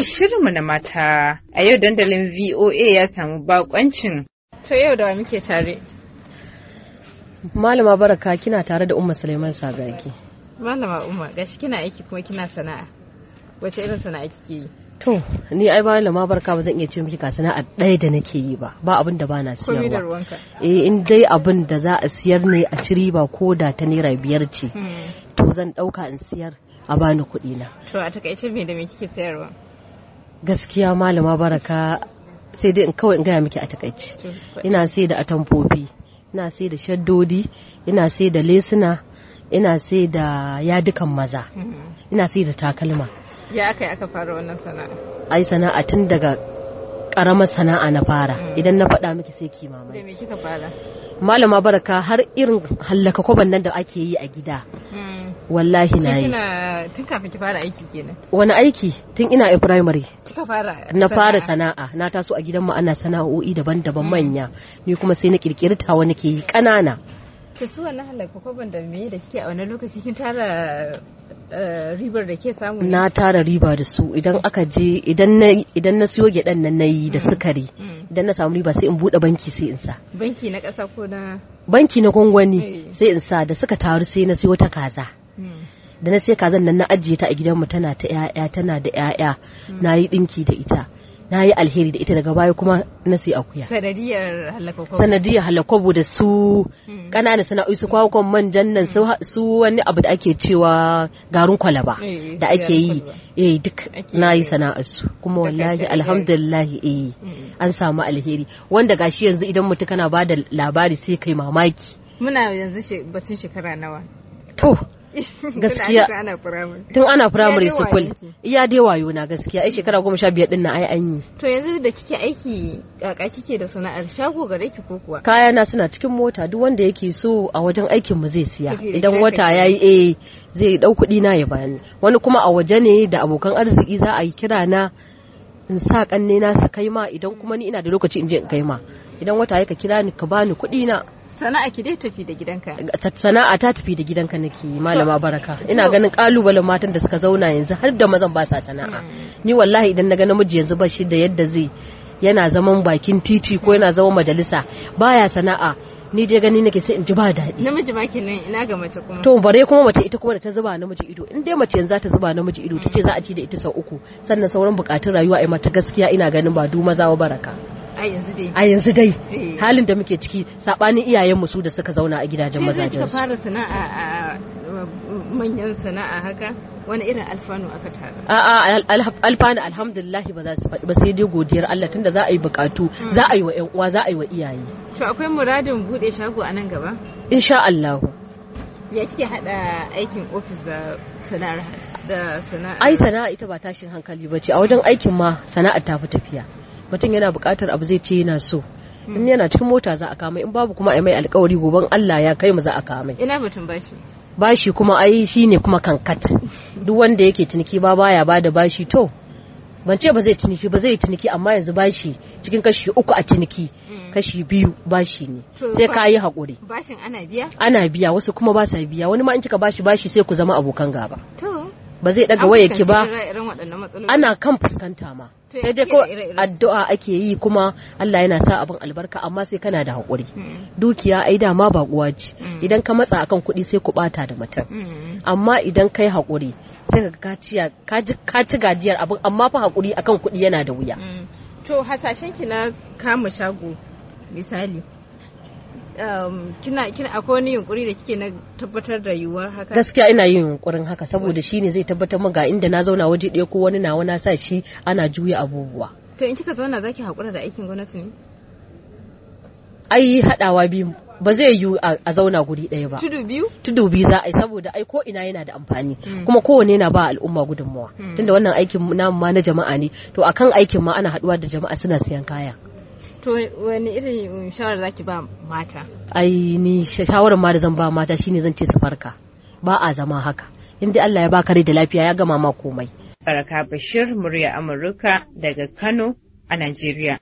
a shirinmu na mata a yau dandalin VOA ya samu bakoncin. To yau da wa muke tare. Malama Baraka kina tare da Umma Suleiman Sagaki. Malama Umma gashi kina aiki kuma kina sana'a. Wace irin sana'a kike yi? To, ni ai Malama Baraka ba zan iya ce miki ga sana'a ɗaya da nake yi ba, ba abin da bana siyarwa. Eh in dai abin da za a siyar ne a ci riba ko da ta naira biyar ce. Hmm. To zan ɗauka in siyar a bani kuɗi na. To a takaice me da me kike sayarwa? gaskiya malama baraka sai dai in kawai in gaya miki a takaici ina sai da atamfofi ina sai da shaddodi ina sai da lesuna ina sai da yadukan maza mm-hmm. ina sai da takalma ya aka aka fara wannan sana'a ai sana'a tun daga karamar sana'a na fara mm. idan na faɗa miki sai ki mamaki da me kika fara malama baraka har irin hallaka kwaban nan da ake yi a gida mm. wallahi na yi tun kafin ki fara aiki kenan wani aiki tun ina a primary kika fara na fara sana'a na taso a gidan mu ana sana'o'i daban-daban mm. manya ni kuma sai na kirkirta wani ke yi kanana ta su wannan halakku ko ban da me da kike a wani lokaci kin tara eh, ribar da ke samu na tara riba da su idan aka je idan na siyo gyaɗan nan na yi da mm. sukari mm. idan na samu riba sai in buɗe banki sai in sa banki na kasa ko na banki na gwangwani eh. sai in sa da suka taru sai na siyo ta kaza da na sai kazan nan na ajiye ta a gidan mu tana ta yaya tana da yaya hmm. na yi dinki da ita na yi alheri da ita daga baya kuma na sai akuya sanadiyar halakobo da su kanana hmm. sana'o'i su kwakwan manjan nan su wani abu da ake cewa garin kwalaba eh, da ake yi eh duk na yi sana'ar su kuma wallahi alhamdulillah eh hmm. an samu alheri wanda gashi yanzu idan mutu kana bada labari sai kai mamaki muna yanzu batun shekara nawa to tun ana firamare kul iya dai wayo na gaskiya ai shekara goma sha biyar din na ai an yi to yanzu da kike aiki kaka kike da sana'ar shago gare ki ko kuwa kaya suna cikin mota duk wanda yake so a wajen aikin mu zai siya idan wata yayi eh zai ɗau kuɗi na ya bani wani kuma a waje ne da abokan arziki za a yi kira na in sa kanne na su kai ma idan kuma ni ina da lokaci in je in kai ma idan wata ya ka kira ni ka bani kuɗi na sana'a ki dai tafi da gidanka sana'a ta tafi da gidanka nake malama baraka ina ganin kalubalen matan da suka zauna yanzu har da mazan ba sa sana'a hmm. ni wallahi idan na ga namiji yanzu ba shi da yadda zai yana zaman bakin titi ko yana zaman majalisa baya sana'a ni je gani nake sai in ji ba daɗi namiji ba kenan ina ga mace kuma to bare kuma mace ita kuma da ta zuba namiji ido in dai mace yanzu za ta zuba namiji ido tace hmm. za a ci da ita sau uku sannan sauran bukatun rayuwa ai mata gaskiya ina ganin ba du maza wa baraka a yanzu dai eh. halin da muke ciki sabanin iyayenmu su da suka zauna a gidajen mazajen su fara sana'a a manyan sana'a haka wani irin alfanu aka tara a a alfanu alhamdulillah ba za su faɗi ba sai dai godiyar Allah tunda za a yi bukatu hmm. za a yi wa ƴan uwa za a yi wa iyaye to akwai muradin bude shago a nan gaba insha Allah ya kike hada aikin ofis da sana'ar da sana'a ai sana'a ita ba tashin hankali bace a wajen aikin ma sana'a ta fi tafiya mutum yana buƙatar abu zai ce yana so in hmm. yana cikin mota za a kama in babu kuma a mai alkawari goben Allah ya kai mu za a kama ina mutum bashi bashi kuma ai shine kuma kankat duk wanda yake ciniki ba baya bada bashi to ban ce ba zai ciniki ba zai ciniki amma yanzu bashi cikin kashi uku a ciniki hmm. kashi biyu bashi ne sai ka yi haƙuri bashin ana biya ana biya wasu kuma ba sa biya wani ma in kika bashi bashi sai ku zama abokan gaba to ba zai daga waya ki ba ana kan fuskanta ma sai dai ko addu'a ake yi kuma Allah yana sa abin albarka amma sai kana da hakuri hmm. dukiya ai dama ba kuwa ce hmm. idan ka matsa akan kuɗi sai ku bata da mutum hmm. amma idan kai hakuri sai ka ka ci gajiyar abin amma fa hakuri akan kuɗi yana da wuya to hasashen ki na kama shago misali Um, kina kina akwai da kike na tabbatar da yiwuwar haka gaskiya ina yin yunkurin haka saboda shine zai tabbatar min ga inda na zauna waje ɗaya ko wani nawa na sa shi ana juya abubuwa to in kika zauna zaki hakura da aikin gwamnati ne ai hadawa biyu ba zai yiwu a zauna guri ɗaya ba. Tudu biyu? Tudu biyu za a yi saboda ai ko ina yana da amfani hmm. kuma kowane na ba al'umma gudunmawa hmm. tunda wannan aikin namu ma na jama'a ne to akan aikin ma ana haɗuwa da jama'a suna siyan kaya. to wani irin shawara zaki ba mata ai ni shawarar ma da zan ba mata shine zan ce su farka ba a zama haka inda Allah ya baka rai da lafiya ya gama ma komai Baraka Bashir murya Amurka daga Kano a Najeriya